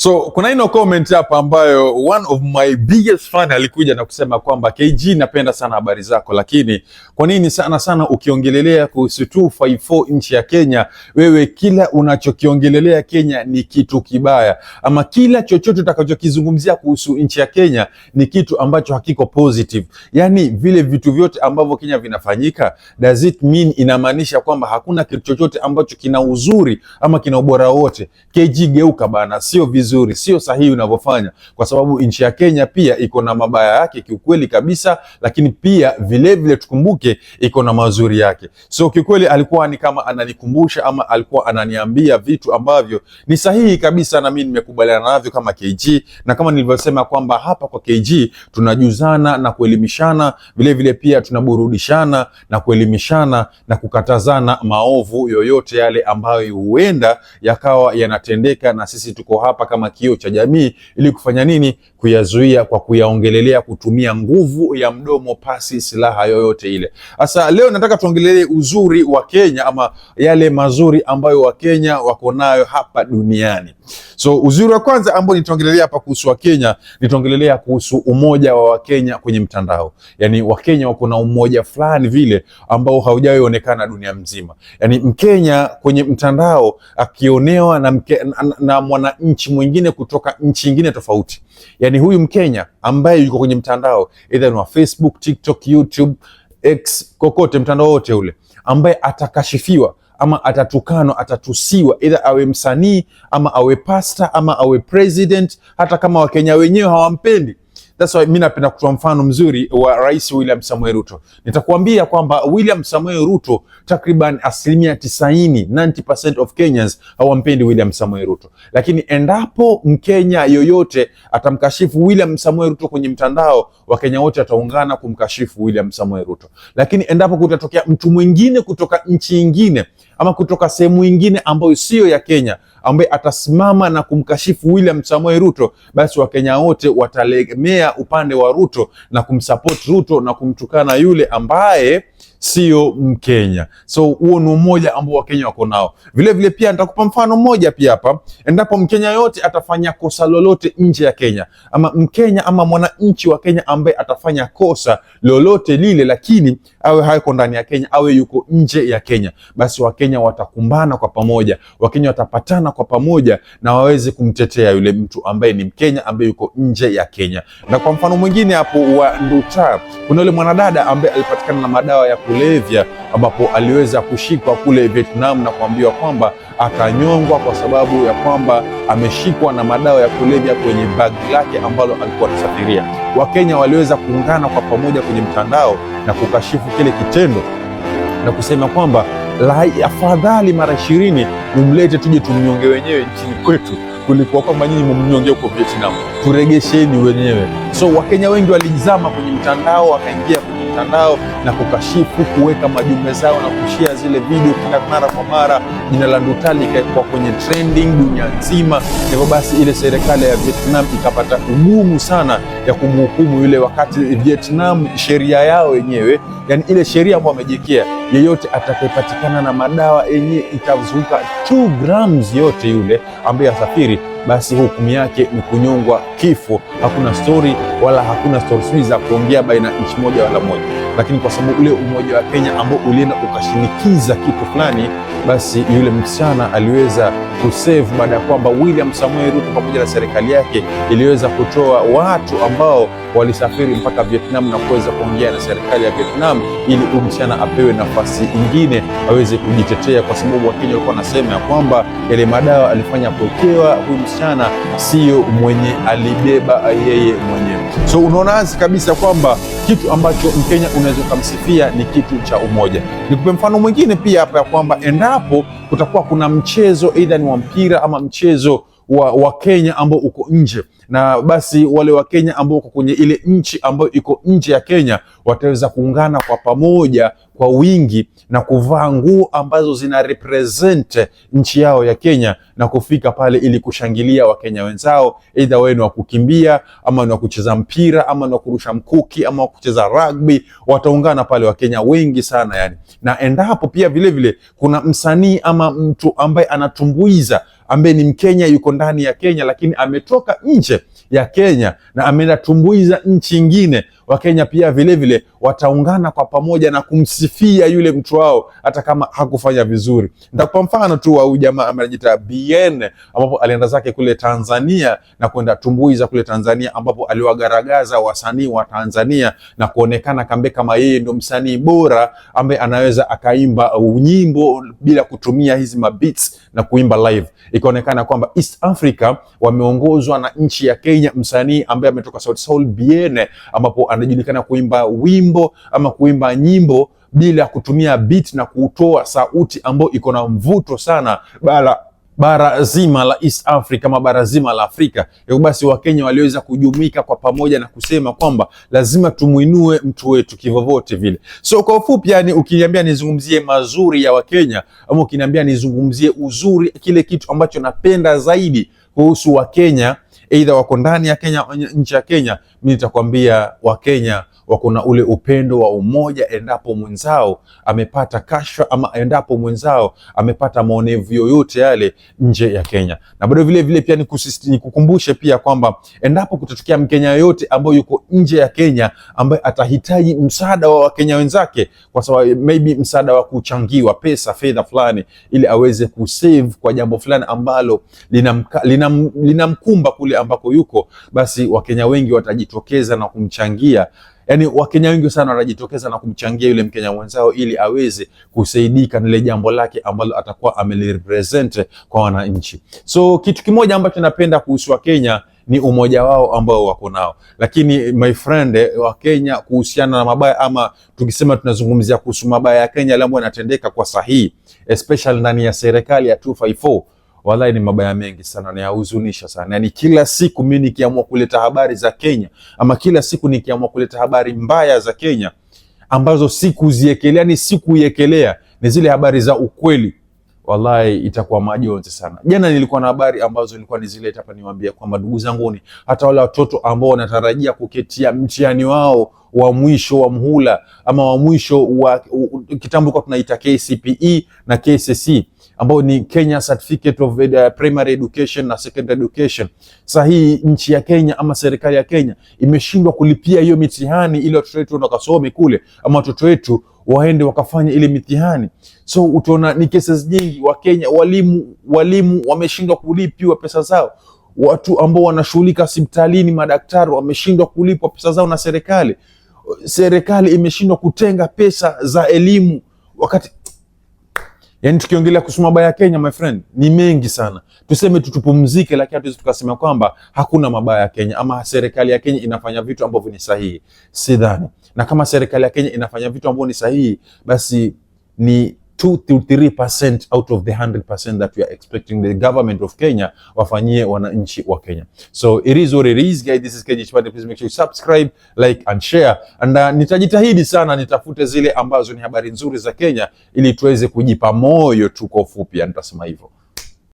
So kuna ino comment hapa ambayo one of my biggest fan alikuja na kusema kwamba KG, napenda sana habari zako, lakini kwa nini sana sana ukiongelelea kuhusu 254 nchi ya Kenya, wewe kila unachokiongelelea Kenya ni kitu kibaya, ama kila chochote utakachokizungumzia kuhusu nchi ya Kenya ni kitu ambacho hakiko positive. Yani vile vitu vyote ambavyo Kenya vinafanyika, does it mean, inamaanisha kwamba hakuna kitu chochote ambacho kina uzuri ama kina ubora wote? KG, geuka bana, sio vizuri vizuri, sio sahihi unavyofanya, kwa sababu nchi ya Kenya pia iko na mabaya yake kiukweli kabisa, lakini pia vilevile vile tukumbuke iko na mazuri yake. So kiukweli alikuwa ni kama ananikumbusha ama alikuwa ananiambia vitu ambavyo ni sahihi kabisa, na mimi nimekubaliana navyo kama KG, na kama nilivyosema kwamba hapa kwa KG tunajuzana na kuelimishana vilevile vile pia tunaburudishana na kuelimishana na kukatazana maovu yoyote yale ambayo huenda yakawa yanatendeka, na sisi tuko hapa kama kama kioo cha jamii ili kufanya nini? Kuyazuia kwa kuyaongelelea kutumia nguvu ya mdomo pasi silaha yoyote ile. Sasa leo nataka tuongelelee uzuri wa Kenya ama yale mazuri ambayo Wakenya wako nayo hapa duniani. So uzuri wa kwanza ambao nitaongelelea hapa kuhusu Wakenya, nitaongelelea kuhusu umoja wa Wakenya kwenye mtandao. Yani Wakenya wako na umoja fulani vile ambao haujawaionekana dunia mzima. Yani Mkenya kwenye mtandao akionewa na, na, na mwananchi mwingine nyingine kutoka nchi nyingine tofauti. yaani huyu Mkenya ambaye yuko kwenye mtandao either wa Facebook, TikTok, YouTube, X, kokote mtandao wote ule, ambaye atakashifiwa ama atatukanwa, atatusiwa, either awe msanii ama awe pasta ama awe president, hata kama Wakenya wenyewe hawampendi That's why mimi napenda kutoa mfano mzuri wa Rais William Samoei Ruto. Nitakuambia kwamba William Samoei Ruto takriban asilimia tisaini, 90% of Kenyans hawampendi William Samoei Ruto, lakini endapo Mkenya yoyote atamkashifu William Samoei Ruto kwenye mtandao, Wakenya wote ataungana kumkashifu William Samoei Ruto. Lakini endapo kutatokea mtu mwingine kutoka nchi nyingine ama kutoka sehemu nyingine ambayo siyo ya Kenya ambaye atasimama na kumkashifu William Samoei Ruto, basi Wakenya wote watalemea upande wa Ruto na kumsapoti Ruto na kumtukana yule ambaye sio Mkenya. So huo ni umoja ambao Wakenya wako nao. Vilevile pia nitakupa mfano mmoja pia hapa, endapo Mkenya yote atafanya kosa lolote nje ya Kenya, ama Mkenya ama mwananchi wa Kenya ambaye atafanya kosa lolote lile, lakini awe hayuko ndani ya Kenya, awe yuko nje ya Kenya, basi Wakenya watakumbana kwa pamoja, Wakenya watapatana kwa pamoja na waweze kumtetea yule mtu ambaye ni Mkenya ambaye yuko nje ya Kenya. Na kwa mfano mwingine hapo wa Nduta, kuna yule mwanadada ambaye alipatikana na madawa ya kulevya, ambapo aliweza kushikwa kule Vietnam na kuambiwa kwamba akanyongwa kwa sababu ya kwamba ameshikwa na madawa ya kulevya kwenye bagi lake ambalo alikuwa akisafiria. Wakenya waliweza kuungana kwa pamoja kwenye mtandao na kukashifu kile kitendo na kusema kwamba afadhali mara ishirini mumlete tuje tumnyonge wenyewe nchini kwetu kulikuwa kwamba nyinyi mmnyonge huko Vietnam, turegesheni wenyewe. So Wakenya wengi walizama kwenye mtandao, wakaingia kwenye mtandao na kukashifu, kuweka majumbe zao na kushia zile video kila mara kwa mara. Jina la Nduta likaekwa kwenye trending dunia nzima. Hivyo basi ile serikali ya Vietnam ikapata ugumu sana ya kumhukumu yule, wakati Vietnam sheria yao yenyewe, yani ile sheria ambayo wamejikia, yeyote atakayepatikana na madawa yenye itazuka 2 grams yote yule ambaye asafiri, basi hukumu yake ni kunyongwa kifo. Hakuna stori wala hakuna stori za kuongea baina nchi moja wala moja, lakini kwa sababu ule umoja wa Kenya ambao ulienda ukashinikiza kitu fulani, basi yule msichana aliweza kusave, baada ya kwamba William Samoei Ruto pamoja na serikali yake iliweza kutoa watu ambao walisafiri mpaka Vietnam na kuweza kuongea na serikali ya Vietnam ili huyu msichana apewe nafasi ingine aweze kujitetea, kwa sababu Wakenya walikuwa wanasema ya kwamba yale madawa alifanya pokewa huyu msichana siyo mwenye alibeba yeye mwenyewe. So unaona wazi kabisa kwamba kitu ambacho Mkenya unaweza ukamsifia ni kitu cha umoja. Nikupe mfano mwingine pia hapa ya kwamba endapo kutakuwa kuna mchezo, aidha ni wa mpira ama mchezo wa, wa Kenya ambao uko nje, na basi wale wa Kenya ambao uko kwenye ile nchi ambayo iko nje ya Kenya wataweza kuungana kwa pamoja kwa wingi na kuvaa nguo ambazo zina represent nchi yao ya Kenya na kufika pale ili kushangilia Wakenya wenzao, aidha wewe ni wa kukimbia ama ni wa kucheza mpira ama ni wa kurusha mkuki ama wa kucheza rugby. Wataungana pale Wakenya wengi sana yani, na endapo pia vilevile vile, kuna msanii ama mtu ambaye anatumbuiza ambaye ni Mkenya, yuko ndani ya Kenya, lakini ametoka nje ya Kenya na ameenda tumbuiza nchi ingine. Wakenya pia vilevile vile wataungana kwa pamoja na kumsifia yule mtu wao hata kama hakufanya vizuri. Nitakupa mfano tu wa huyu jamaa anajiita BN, ambapo alienda zake kule Tanzania na kwenda tumbuiza kule Tanzania, ambapo aliwagaragaza wasanii wa Tanzania na kuonekana kambe kama yeye ndio msanii bora ambaye anaweza akaimba nyimbo bila kutumia hizi mabeats na kuimba live. Ikaonekana kwamba East Africa wameongozwa na nchi ya Kenya, msanii ambaye ametoka South Soul BN ambapo anajulikana kuimba wimbo ama kuimba nyimbo bila kutumia beat na kutoa sauti ambayo iko na mvuto sana bara bara zima la East Africa ama bara zima la Afrika. Hivyo basi Wakenya waliweza kujumuika kwa pamoja na kusema kwamba lazima tumwinue mtu wetu kivyovyote vile. So kwa ufupi, yani ukiniambia nizungumzie mazuri ya Wakenya ama ukiniambia nizungumzie uzuri, kile kitu ambacho napenda zaidi kuhusu Wakenya aidha wako ndani ya Kenya, nje ya Kenya, mimi nitakwambia Wakenya wako na ule upendo wa umoja, endapo mwenzao amepata kashfa ama endapo mwenzao amepata maonevu yoyote yale nje ya Kenya. Na bado vile vile pia nikukumbushe pia kwamba endapo kutatokea Mkenya yoyote ambayo yuko nje ya Kenya ambaye atahitaji msaada wa Wakenya wenzake, kwa sababu maybe msaada wa kuchangiwa pesa fedha fulani, ili aweze kusave kwa jambo fulani ambalo linamkumba lina, lina kule ambako yuko, basi Wakenya wengi watajitokeza na kumchangia yani Wakenya wengi sana wanajitokeza na kumchangia yule Mkenya mwenzao ili aweze kusaidika na ile jambo lake ambalo atakuwa amelirepresent kwa wananchi. So kitu kimoja ambacho napenda kuhusu Wakenya ni umoja wao ambao wako nao, lakini my friend wa Kenya kuhusiana na mabaya ama tukisema tunazungumzia kuhusu mabaya ya Kenya yale ambayo yanatendeka kwa sahihi, especially ndani ya serikali ya 254 Wallahi ni mabaya mengi sana na yahuzunisha sana. Yaani kila siku mimi nikiamua kuleta habari za Kenya ama kila siku nikiamua kuleta habari mbaya za Kenya ambazo sikuziekelea ni sikuiekelea ni zile habari za ukweli, wallahi itakuwa majonzi sana. Jana nilikuwa na habari ambazo nilikuwa nizileta hapa niwaambia kwamba ndugu zanguni, hata wale watoto ambao wanatarajia kuketia mtihani wao wa mwisho wa mhula ama wa mwisho wa kitambo kwa tunaita KCPE na KCSE ambao ni Kenya Certificate of eh, Primary Education na Secondary Education. Sasa hii nchi ya Kenya ama serikali ya Kenya imeshindwa kulipia hiyo mitihani ili watoto wetu wakasome kule ama watoto wetu waende wakafanya ile mitihani. So utaona ni cases nyingi wa Kenya, walimu walimu wameshindwa kulipiwa pesa zao watu ambao wanashughulika hospitalini, madaktari wameshindwa kulipwa pesa zao na serikali. Serikali imeshindwa kutenga pesa za elimu, wakati Yani tukiongelea kuhusu mabaya ya Kenya my friend, ni mengi sana. Tuseme tutupumzike, tupumzike, lakini hatuwezi tukasema kwamba hakuna mabaya ya Kenya ama serikali ya Kenya inafanya vitu ambavyo ni sahihi, sidhani. Na kama serikali ya Kenya inafanya vitu ambavyo ni sahihi, basi ni 2 to 3% out of the 100% that we are expecting the government of Kenya wafanyie wananchi wa Kenya. So it is what it is guys, this is KG Chipande. please make sure you subscribe, like and share and uh, nitajitahidi sana nitafute zile ambazo ni habari nzuri za Kenya ili tuweze kujipa moyo tuko fupi, nitasema hivyo.